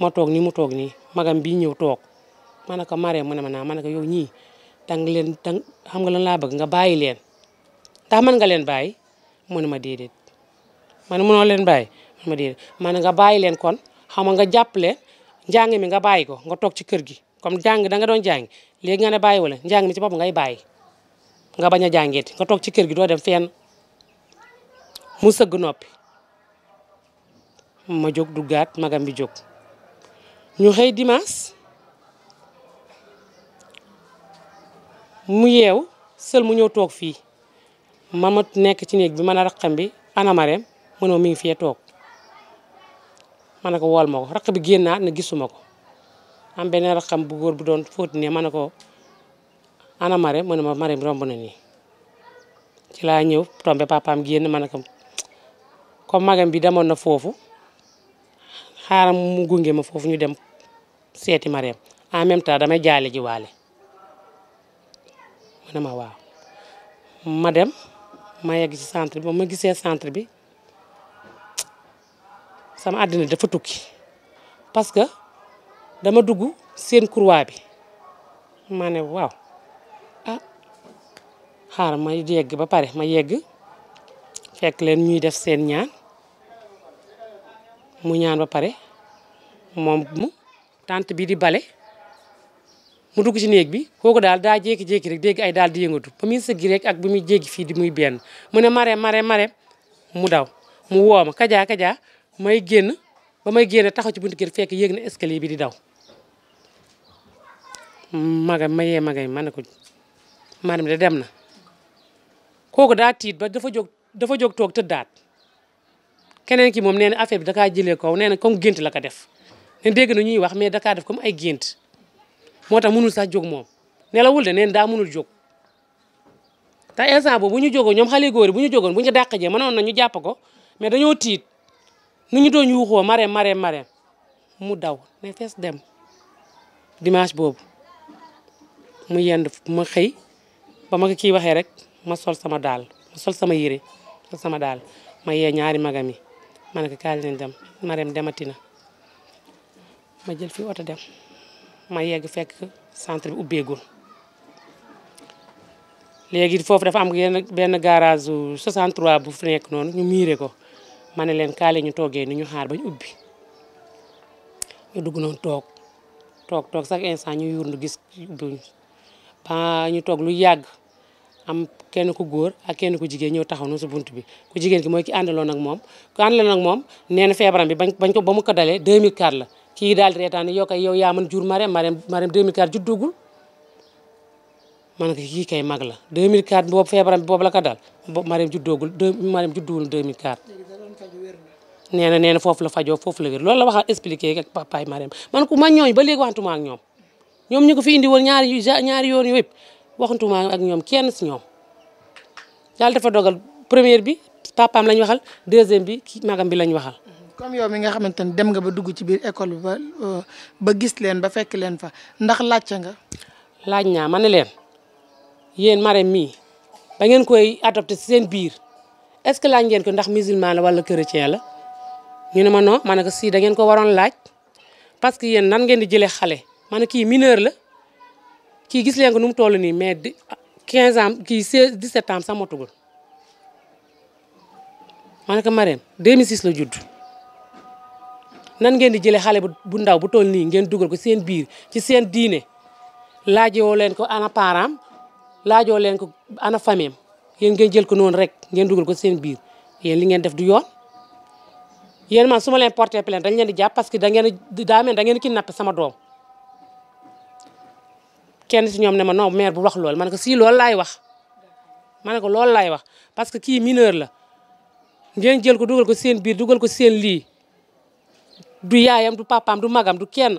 ma toog ni mu toog nii magam bii ñëw toog ma ne ko Marème mu ne ma naa ma ne ko yow ñii dang leen dang xam nga la laa bëgg nga bàyyi leen ndax mën nga leen bàyyi mu ma déedéet ma ne leen bàyyi ma déedéet ma ne nga bàyyi leen kon xam nga jàpp leen njàng mi nga bàyyi ko nga toog ci kër gi comme jàng da nga doon jàng léegi nga ne bàyyi wala njàng mi ci bopp ngay bàyyi nga bañ a jàngeeti nga toog ci kër gi doo dem fenn mu sëgg noppi ma jóg duggaat magam bi jóg ñu xëy dimanche mu yeew sel mu ñëw toog fii ma nekk ci néeg bi man a raqam bi ana mu ne mi ngi fee toog ma ne ko wool ma ko raq na gisuma ko am benn raqam bu góor bu doon fóot ne ma ne ko ana Marème mu ne ma Marème romb na ni ci laa ñëw tombe papaam génn ma ne ko comme magam na foofu xaaram mu gunge ma foofu ñu dem seeti Mariam en même temps damay jaale ji waale ma ne ma waaw ma dem ma yegg ci centre bi ba ma gisee centre bi sama àddina dafa tukki parce que dama dugg seen croix bi ma ne waaw ah xaaral ma yegg ba pare ma yegg fekk leen ñuy def seen ñaan mu ñaan ba pare moom mu tante bi di bale mu dugg ci néeg bi kooku daal daa jékki-jékki rek dégg ay daal di yëngatu ba muy sëggi rek ak bi muy jéggi fii di muy benn mu ne mare mare mu daw mu woo ma kajaa kajaa may génn ba may génn taxaw ci buntu kër fekk yéeg na escalier bi di daw maga mayee magay ma ne ko maanaam de dem na kooku daa tiit ba dafa jóg dafa jóg toog tëddaat keneen ki moom nee na affaire bi dakaa jëlee kaw nee na comme gént la ko def ne dégg na ñuy wax mais dakaa def comme ay gént moo tax munul sax jóg moom nelawul de neen daa mënul jóg te instant boobu bu ñu jógoon ñoom xale góor bu ñu jógoon bu ñu dàq jee mënoon na ñu jàpp ko mais dañoo tiit nu ñu doon yuuxoo mareem mareem mareem mu daw ne fees dem dimanche boobu mu yend ma xëy ba ma ko kii waxee rek ma sol sama daal ma sol sama yére sol sama daal ma yee ñaari magam yi ma ne ko kaay leen dem Marème demati na ma jël fi oto dem ma yegg fekk centre bi ubbeegul léegi foofu dafa am yenn benn garage 63 bu fi nekk noonu ñu miire ko ma ne leen kaale ñu toogee ni ñu xaar ba ñu ubbi ñu dugg noonu toog toog toog chaque instant ñu yurndu gis ubbiwuñu ba ñu toog lu yàgg am kenn ku góor ak kenn ku jigéen ñëw taxaw na si bunt bi ku jigéen ki mooy ki àndaloon nag moom ku àndaloon ak moom nee na feebaram bi bañ bañ ko ba mu ko dalee 2004 la kii daal di reetaan yow kay yow yaa mën jur Marème Marème Marème 2004 juddugul man ko kii kay mag la 2004 boobu feebaram bi boobu la ko dal boobu Marème juddoogul Marème juddugul 2004 nee na nee na foofu la fajoo foofu la wér loolu la waxaat expliqué ak papaay Marème man ku ma ñooñ ba léegi waxantuma ak ñoom ñoom ñu ko fi indi woon ñaari yoon yëpp waxantuma ak ñoom kenn si ñoom yàlla defa dogal première bi papaam lañ waxal deuxième bi kii magam bi lañ waxal. comme yow mi nga xamante ni dem nga ba dugg ci biir école bi ba ba gis leen ba fekk leen fa ndax laajte nga. laaj naa ma ne leen yéen Marème mii ba ngeen koy adopté si seen biir est-ce que laaj ngeen ko ndax musulman la wala chrétien la ñu ne ma non ma ne ko si da ngeen ko waroon laaj parce que yéen nan ngeen di jëlee xale ma ne kii mineur la. kii gis leen ko nu mu toll nii mais di 15 ah, ans kii 16 17 ans sax motugul ma ne ko la judd nan ngeen di jëlee xale bu ndaw bu toll nii ngeen dugal ko seen biir ci seen diine laajoo leen ko ana parent laajoo leen ko ana famille am yéen ngeen jël ko noonu rek ngeen dugal ko seen biir yéen li ngeen def di yoon yéen man su ma leen porté plainte dañ leen di jàpp parce que da ngeen daa mel da ngeen kidnappé sama doom kenn ci ñoom ne ma noom maire bu wax lool man ne si loolu laay wax ma ne ko loolu laay wax parce que kii mineur la njën jël ko dugal ko seen biir dugal ko seen lii du yaayam du papaam du magam du kenn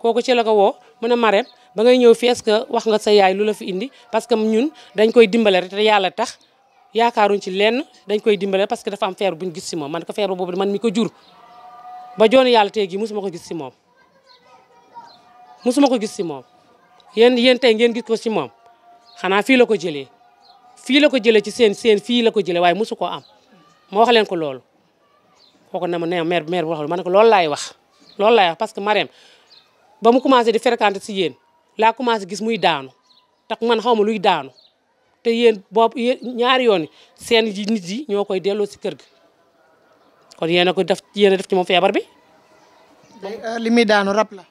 kooku ci la ko woo mu ne Marème ba ngay ñëw fii est que wax nga sa yaay lu la fi indi parce que ñun dañ koy dimbale rek te yàlla tax yaakaaruñ ci lenn dañ koy dimbale parce que dafa am feebar bu ñu gis ci moom man ko feebar boobu man mi ko jur ba joonu yàlla tey gi musuma ko gis ci moom musuma ko gis ci moom yéen yéen tey ngeen gis ko ci moom xanaa fii la ko jëlee fii la ko jëlee ci seen seen fii la ko jëlee waaye mosu ko am ma wax leen ko loolu ko na mu nee maire meer bi wax ma ne ko loolu laay wax loolu laay parce que Marème ba mu commencé di fréquenter si yéen laa commencé gis muy daanu tax man xaw ma luy daanu te yéen boobu yéen ñaari yoon seen ji nit yi ñoo koy delloo si kër gi kon yéen a ko def yéen a def ci moom feebar bi. li muy daanu rab la.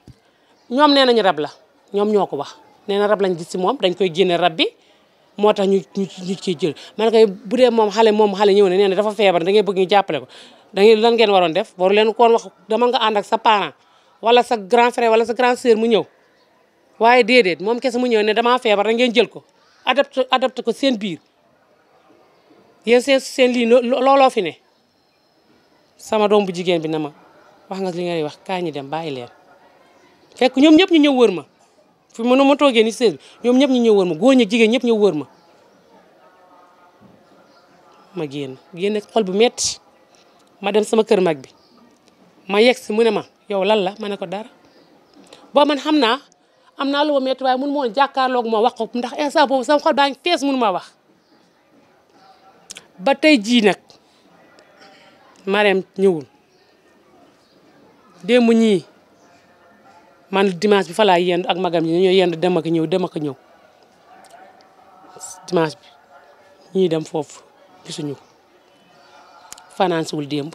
ñoom nee nañu rab la. ñoom ñoo ko wax nee na rab lañ gis si moom dañ koy génne rab bi moo tax ñu ki ñu ciy jël man kay bu dee moom xale moom xale ñëw ne nee na dafa feebar da ngay bëgg ñu jàppale ko da ngay lan ngeen waroon def waru leen koon wax dama nga ànd ak sa parent wala sa grand frère wala sa grand sœur mu ñëw waaye déedéet moom kese mu ñëw ne damaa feebar da ngeen jël ko adapté adapté ko seen biir yéen seen lii looloo fi ne sama doom bu jigéen bi na ma wax nga li ngay wax kaa ñi dem bàyyi leen fekk ñoom ñëpp ñu ñëw wër ma fi mu ne ma toogee ni sées bi ñoom ñëpp ñu ñëw wër ma góor ñi jigéen ñëpp ñëw wër ma ma génn génn xol bu metti ma dem sama kër mag bi ma yegg si mu ne ma yow lan la ma ne ko dara boo man xam naa am naa lu ma metti waaye mun moo jàkkaarloog ma wax ko ndax instant boobu sama xol baa ngi fees mun ma wax ba tey jii nag Marème ñëwul démb ñii man dimanche bi fa laay yend ak magam ñi ñoo yend dem ak ñëw dem ak ñëw dimanche bi ñuy dem foofu gisuñu ko fanaan siwul démb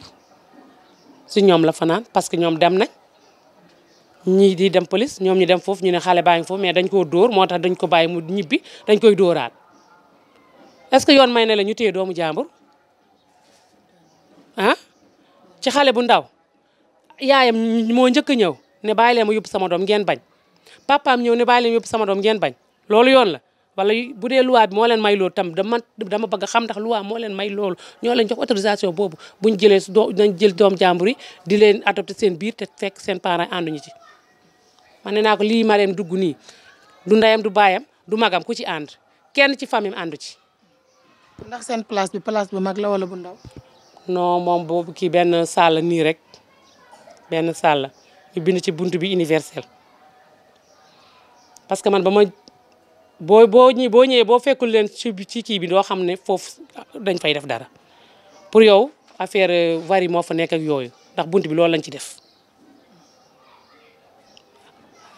si ñoom la fanaan parce que ñoom dem nañ ñii di dem police ñoom ñu dem foofu ñu ne xale baa ngi foofu mais dañ koo dóor moo tax dañ ko bàyyi mu ñibbi dañ koy dóoraat est-ce que yoon may na la ñu téye doomu jàmbur ah ci xale bu ndaw yaayam moo njëkk a ñëw ne bàyyi leen ma yóbbu sama doom ngeen bañ papaam ñëw ne bàyyi leen ma sama doom ngeen bañ loolu yoon la wala bu dee loi bi moo leen may loolu tam dama dama bëgg a xam ndax moo leen may loolu ñoo leen jox autorisation boobu buñ jëlee su doo nañ jël doom jàmbur yi di leen adopté seen biir te fekk seen parents ànduñu ci man ne naa ko lii Marème dugg nii du ndeyam du baayam du magam ku ci ànd kenn ci famille àndu ci ndax seen place bi place bu mag la wala bu ndaw non moom boobu kii benn salle nii rek benn salle ñu bind ci bunt bi universel parce que man ba ma boo boo ñi boo ñëwee boo fekkul leen ci ci kii bi doo xam ne foofu dañ fay def dara pour yow affaire euh, vari moo fa nekk ak yooyu ndax bunt bi loolu lañ ci def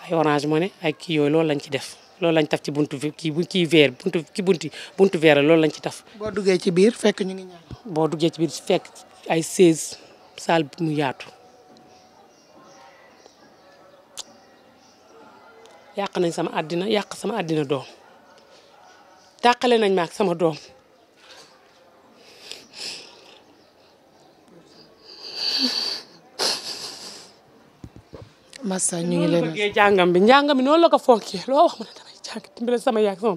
ay orange moo ne ay kii yooyu loolu lañ ci def loolu lañ taf ci bunt kii kii vert buntu ki bunt buntu vert loolu lañ ci taf. boo duggee ci biir fekk ñu ngi ñaan. boo duggee ci biir fekk ay 16 salle mu yaatu. yàq nañ sama àddina yàq sama àddina doom tàqale nañ ma ak sama doom massa ñu ngi leen bëggee jàngam bi njàngam bi noonu la ko fonkee loo wax ma ne damay jàng dimbale sama yaak sama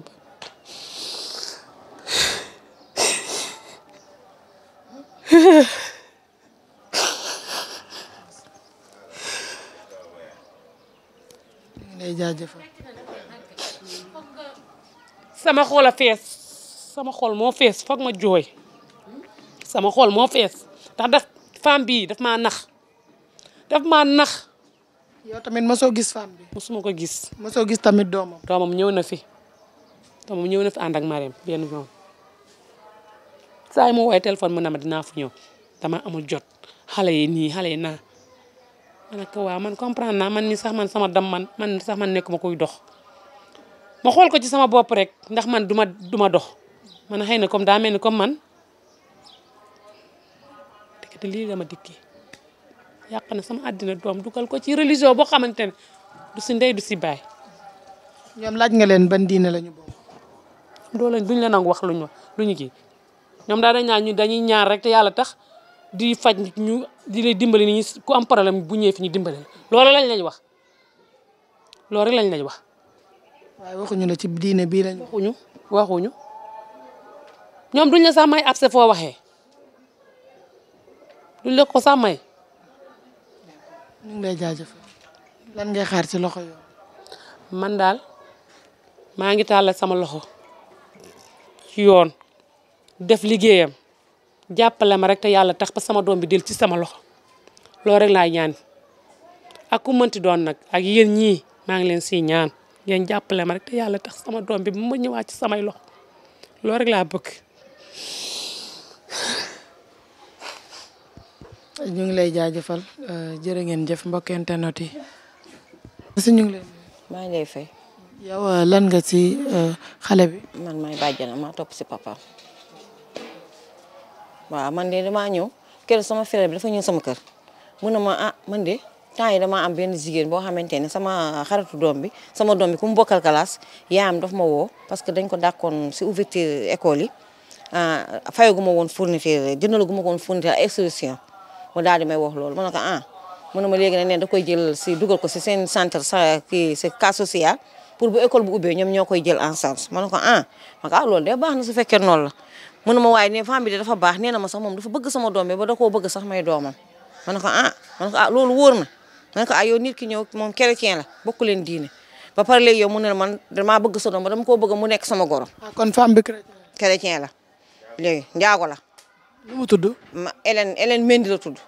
jaajëfal sama xol a fees sama xol moo fees foog ma jooy sama xol moo fees ndax daf femme bii daf maa nax daf ma nax. yow tamit mosoo gis femme bi. mosuma ko gis. mosoo gis tamit doomam. doomam ñëw na fi doomam ñëw na fi ànd ak benn yoon saa yi ma téléphone mu ne ma fu ñëw dama amul jot xale yi nii xale yi naa. ma ne ko waaw man comprendre naa man mi sax man sama dam man man sax man nekk ma koy dox ma xool ko ci sama bopp rek ndax man duma duma dox man xëy na comme daa mel ni comme man te lii dama dikki yàq na sama àddina doom dugal ko ci religion boo xamante ne du si ndey du si baay. ñoom laaj nga leen ban diine lañu ñu bokk. doo leen la nangu wax luñ wax luñu kii daa dañ ñaan ñu dañuy ñaar rek te yàlla tax di faj ñu di dimbali ni ku am problème bu ñëwee fi ñu dimbali loolu lañ lañ wax loolu lañ lañ wax. waaye waxuñu la ci diine bii lañ. waxuñu waxuñu ñoom duñ la sax may abse foo waxee duñ la ko sax may. lay jaajëfal lan ngay xaar ci loxo yoon. man daal maa ngi tàllal sama loxo ci yoon def liggéeyam. jàppale ma rek te yàlla tax ba sama doom bi del ci sama loxo loolu rek laay ñaan ak ku doon nag ak yéen ñii maa ngi leen si ñaan ngeen jàppale ma rek te yàlla tax sama doom bi mu ma ñëwaat ci samay lox loolu rek laa bëgg. ñu ngi lay jaajëfal euh, jërë ngeen jëf mbokk internet yi. si ñu lay. maa lay fay. yow euh, lan nga ci euh, xale bi. man maay bàjjana maa topp si papaam. waaw man de demaa ñëw kër sama frère bi dafa ñëw sama kër mu na ma ah man de temps yi damaa am benn jigéen boo xamante ne sama xaritu doom bi sama doom bi ku mu bokkal classe yaayam daf ma woo parce que dañ ko dàkkoon si ouverture école yi ah, fayagu ma woon fourniture jëndalagu ma woon fourniture exclusion mu daal di may wax loolu ma ne ko ah mu ma léegi nag da koy jël si dugal ko si seen centre sa kii si cas social pour bu école bu ubbee ñoom ñoo koy jël en charge ma ne ko ah ma ah, loolu de baax na su fekkee noonu la mu ne ma waaye ne femme bi de dafa baax nee na ma sax moom dafa bëgg sama doom bi ba da koo bëgg sax may doomam ma ne ko ah ma ne ko ah loolu wóor na ma ne ko ah yow nit ki ñëw moom chrétien la bokku leen diine ba pare léegi yow mu ne man damaa bëgg sa doom ma dama koo bëgg mu nekk sama goro. Ah, kon femme bi chrétien la. léegi njaago la. nu mu tudd. ma Hélène Hélène Mendy la tudd.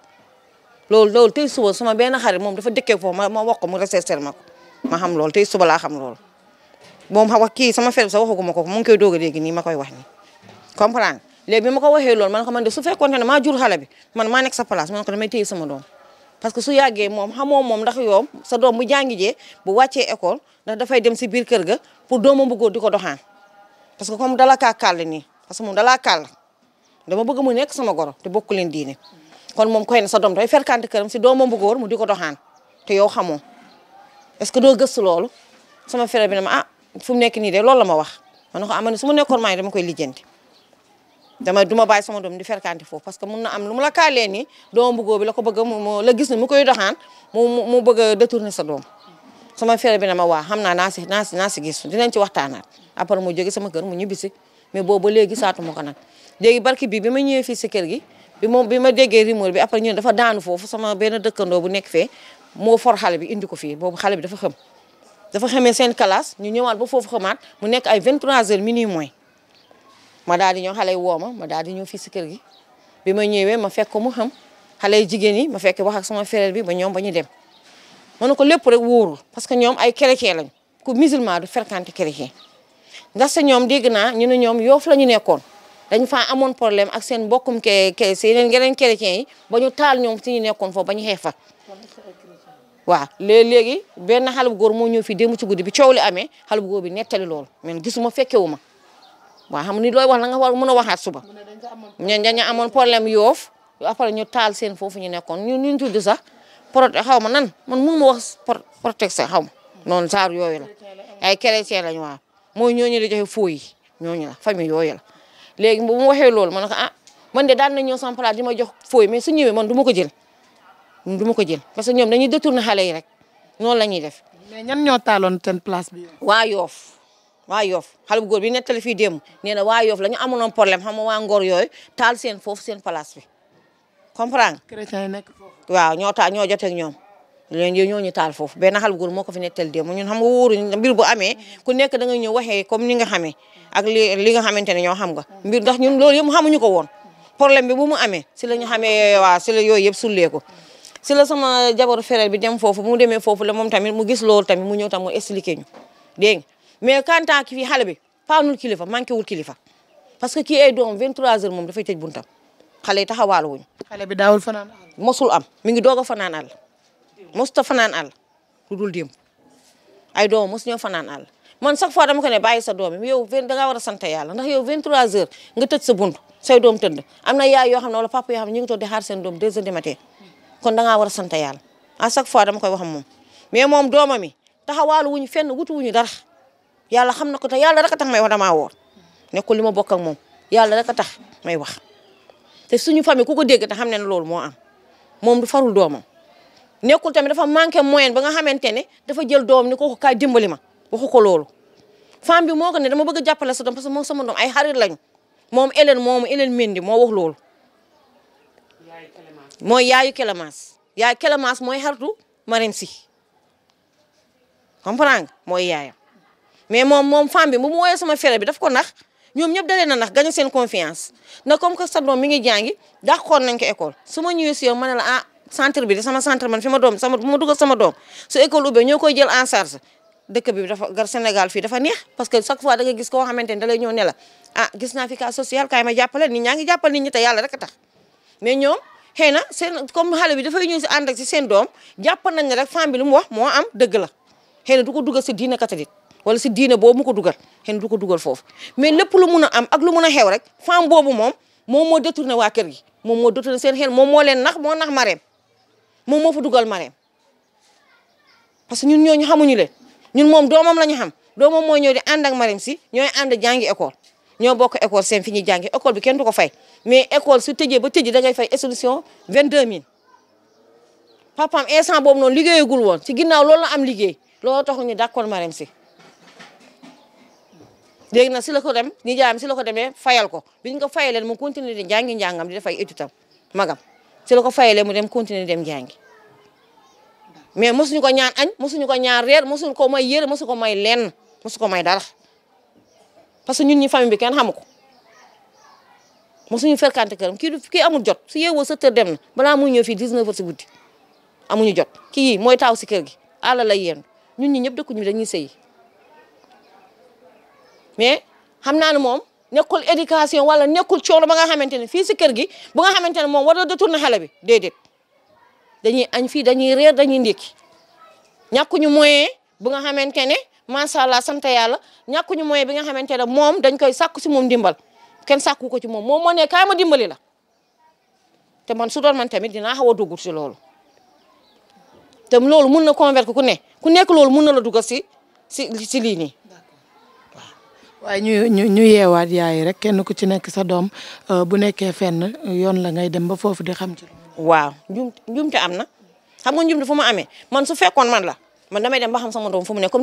loolu loolu tey suba sama benn xarit moom dafa dëkkee foofu ma ma wax ko mu recherché ma ko ma xam loolu te suba laa xam loolu moom xam kii sama fer bi sax waxagu ma ko mu ngi koy doog a nii ma koy wax nii. comprendre léegi bi ma ko waxee loolu man ko man de su fekkoon ne maa jur xale bi man maa nekk sa place ma ko damay téye sama doom parce que su yàggee moom xamoo moom ndax yoom sa doom bu jàngi jee bu wàccee école ndax dafay dem si biir kër ga pour doomam bu góor di ko doxaan parce que comme dala kaa kàll nii parce que moom dalaa kàll bëgg mu nekk sama goro te bokku leen diine kon moom koy sa doom dafay ferkante këram si doomam bu góor mu di ko doxaan te yow xamoo est que doo gëstu loolu sama frère bi na ma ah fu mu nekk nii de loolu la ma wax man ne ko amane ah, su ma nekkoon maay ngi dama koy lijjanti dama du ma bàyyi sama doom di ferkaanti foofu parce que mun na am lu mu la kaalee nii doom bu bi la ko bëgg mu la gis ne mu koy doxaan mu mu bëgg a détourner sa doom sama fere bi na ma waa xam naa naa si naa si si gis dinañ ci waxtaanaat après mu jóge sama kër mu ñibbisi mais boobu léegi saatu ma ko nag léegi barki bi bi ma ñëwee fii si kër gi bi moom bi ma déggee rumeur bi après ñu dafa daanu foofu sama benn dëkkandoo bu nekk fee moo for xale bi indi ko fii boobu xale bi dafa xam dafa xamee seen classe ñu ñëwaat ba foofu xamaat mu nekk ay 23 heures minuit moins ma daal di ñëw xale yi woo ma ma daal di ñëw fii si kër gi bi ma ñëwee ma fekk mu xam xale yi jigéen yi ma fekk wax ak sama frère bi ba ñoom ba ñu dem ma ne ko lépp rek wóorul parce que ñoom ay chrétien lañ ku musulman du fréquenté chrétien ndax sa ñoom dégg naa ñu ne ñoom yoof la ñu nekkoon dañ faa amoon ak seen mbokkum ke ke seen yeneen yi ba ñu taal ñoom si ñu nekkoon foofu ba ñu xeex fa waaw léeg-léegi benn xale góor moo ñëw fii démb ci guddi bi coow li amee xale bu góor bi nettali loolu man gisuma fekkewuma waaw xam ni looy wax la nga a mën a waxaat suba ñen dañu amoon problème yoof après ñu taal seen foofu ñu nekkoon ñu ñu tudd sax proté xaw ma nan man mënu ma wax protection xaw ma noonu genre yooyu la ay chrétien lañu waaw mooy ñooñu di joxe foo yi ñooñu la famille yooyu la léegi bu mu waxee loolu man ne ko ah man de daan na ñëw sama di ma jox foo mais su ñëwee man du ma ko jël du ma ko jël parce que ñoom dañuy na xale yi rek noonu la ñuy def mais ñan ñoo taaloon seen place bi waa yoof waa yoof xale bu góor bi nettali fii démb nee waa yoof la ñu amuloon problème xam nga waa Ngor yooyu taal seen foofu seen place bi comprendre nga. chrétien yi waaw ñoo taal ñoo joteeg ñoom léegi ñoo ñu taal foofu benn xale bu góor moo ko fi nettali démb ñun xam nga wóoruñu mbir bu amee ku nekk da nga ñëw waxee comme ni nga xamee ak li li nga xamante ne ñoo xam nga. mbir ndax ñun loolu yëpp xamuñu ko woon problème bi bu mu amee si la ñu xamee waa si la yooyu yëpp sullee ko si la sama jabaru frère bi dem foofu bu demee foofu la moom tamit mu gis loolu tamit mu ñëw tam mu expliqué ñu dégg mais quant à kii xale bi paanul kilifa manqué wul kilifa parce que kii ay doom 23h moom dafay tëj buntam xale yi taxawaalu wuñu. xale bi daawul fanaan àll. mosul am mi ngi doog a fanaan àll mosuta fanaan àll lu dul démb ay doom mosu ñoo fanaan àll man chaque fois dama ko ne bàyyi da ngaa war a sant yàlla ndax yow 23h nga tëj sa bunt say doom tëdd am na yaay yoo xam ne wala papa yoo xam ne ngi toog di xaar seen doom 2h du matin kon da ngaa war a sant yàlla à chaque dama koy wax moom mais moom doomam yi taxawaalu wuñu fenn wutu wuñu dara. yàlla xam na ko te yàlla rek a tax may wax damaa woor nekkul li ma bokk ak moom yàlla rek a tax may wax te suñu famille ku ko dégg te xam ne na loolu moo am moom du farul doomam nekkul tamit dafa manqué moyen ba nga xamante ne dafa jël doom ni ko kaay dimbali ma waxu ko loolu femme bi moo ko ne dama bëgg a jàppale sa doom parce que moom sama doom ay xarit lañu moom Hélène moomu Hélène Mendy moo wax loolu mooy yaayu Kelemaas yaay Kelemaas mooy xaritu Marème Sy comprendre moo mooy yaayam mais moom moom femme bi bu mu woowee sama frère bi daf ko nax ñoom ñëpp dalee na nax gañu seen confiance na comme que sa doom mi ngi jàngi dàqoon nañ ko école su ma ñëwee si yow ma ne la ah, bi de sama centre man fi doom sama bu ma sama doom su école ubbee ñoo en charge dëkk bi dafa gar Sénégal fii dafa neex parce que chaque fois da nga gis koo ni da lay ñëw ne ah, naa fi cas social kaay ma jàppale nit ngi jàppal nit ñi te yàlla rek a tax xëy na seen comme xale bi dafay ñëw si ànd ak si seen doom jàpp nañ ne rek femme bi mu wax moo am dëgg la xëy na ko dugal si diina catholique wala si diine boobu mu ko dugal xen du ko dugal foofu mais lépp lu mun a am ak lu mun a xew rek femme boobu moom moom moo na waa kër gi moom moo détourné seen xel moom moo leen nax moo nax mareem moom moo fa dugal mareem parce que ñun ñu xamuñu leen ñun moom doomam la ñu xam doomam mooy ñëw di ànd ak mareem si ñooy ànd jàngi école ñoo bokk école seen fi ñuy jàngi école bi kenn du ko fay mais école su tëjee ba tëjee da ngay fay solution 22000 papaam instant boobu noonu liggéeyagul woon ci ginnaaw loolu la am liggéey looloo taxu ñu d'accord mareem si léegi nag si la ko dem ñi jaam si la ko demee fayal ko bi ñu ko fayalee mu continuer di jàngi njàngam di def ay études magam si la ko fayalee mu dem continuer dem jàngi mais mosuñu ko ñaan añ mosuñu ko ñaan reer mosuñu ko may yére mosu ko may lenn mosu ko may dara parce que ñun ñi famille bi kenn xamu ko mosuñu fréquenté këram kii du kii amul jot su yeewoo sa tër dem na balaa muy ñëw fii 19h si guddi amuñu jot ki mooy taaw si kër gi àll la yéen ñu ñi ñëpp dëkkuñu dañuy sëyi mais xam naa ne moom nekkul éducation wala nekkul coono ba nga xamante ne fii si kër gi bu nga xamante ne moom war na détourné xale bi déedéet dañuy añ fii dañuy réer dañuy ndékki ñàkkuñu moyen bu nga xamante ne macha allah sant yàlla ñàkkuñu moyen bi nga xamante ne moom dañ koy sàkku si moom dimbal kenn sàkku ko ci moom moom moo ne kaay ma dimbali la te man su doon man tamit dinaa xaw a dugg si loolu te loolu mun na convaincre ku ne ku nekk loolu mun na la duggal si si si lii nii waaye ñu ñu ñu yeewaat yaay rek kenn ku ci nekk sa doom euh, bu nekkee fenn yoon la ngay dem ba foofu di xam ci. waaw njum njumte am na xam nga njumte fu ma amee man su fekkoon man la man damay dem ba xam sama doom fu mu na na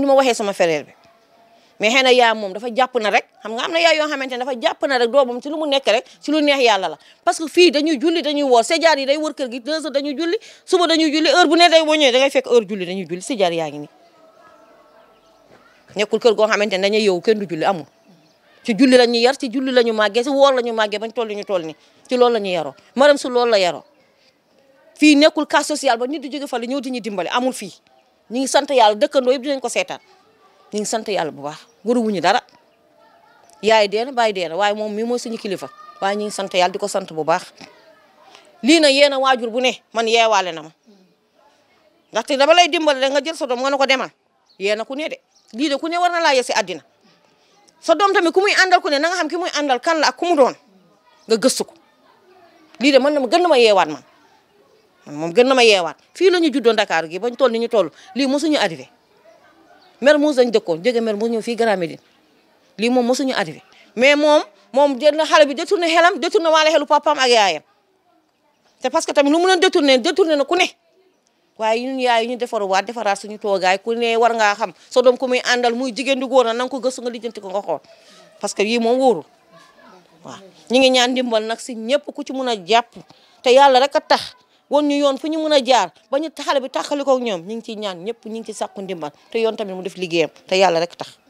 rek xam nga yoo xamante ne dafa jàpp na rek lu mu nekk rek ci lu neex yàlla la parce que fii dañuy julli dañuy woor séjaar yi day wër kër gi deux heures dañuy julli suba dañuy julli heure bu ne day ngi nekkul kër goo xamante ne dañuy yow kenn du julli amul ci julli la ñu yar ci julli la ñu màggee si woor la ñu màggee bañ toll ñu toll ni ci loolu la ñu yaroo maram su loolu la yaroo fii nekkul cas social ba nit di jóge fa la ñu dimbale amul fii ñu ngi sant yàlla dëkkandoo yëpp dinañ ko seetaan ñu ngi sant yàlla bu baax waruwuñu dara yaay deena bàyyi deena waaye moom mii mooy suñu kilifa waaye ñu ngi sant yàlla di ko sant bu baax lii na yéen a waajur bu ne man yeewaale na ma ndaxte dama lay dimbale da nga jël sa doom nga ne ko demal yéena ku ne lii de ku ne war na laa yee si addina sa doom tamit ku muy àndal ku ne na nga ki muy àndal kan la ak ku doon nga gëstu ko lii de man na ma gën na ma yeewaat man man moom gën na ma yeewaat fii la ñu juddoon Dakar gi bañ toll ni ñu toll lii mosuñu arrivé Mermoz lañ dëkkoon jóge Mermoz ñëw fii Grand lii moom mosuñu arrivé mais moom moom jël na xale bi détourné xelam détourné waale xelu papaam ak yaayam te parce que tamit lu mu ne détourné détourné na ku ne waaye ñun yaay ñu defaruwaat defaraat suñu toogaay ku ne war ngaa xam soo doom ku muy àndal muy jigéen du góor na nanga ko gëstu nga lijjanti ko nga xool parce que yii moom wóorul waaw ñu ngi ñaan ndimbal nag si ñëpp ku ci mun a jàpp te yàlla rek a tax woon ñu yoon fu ñu mun a jaar ba ñu xale bi taxali ñoom ñu ngi ciy ñaan ñëpp ñu ngi ci sàkku ndimbal te yoon tamit mu def liggéeyam te yàlla rek tax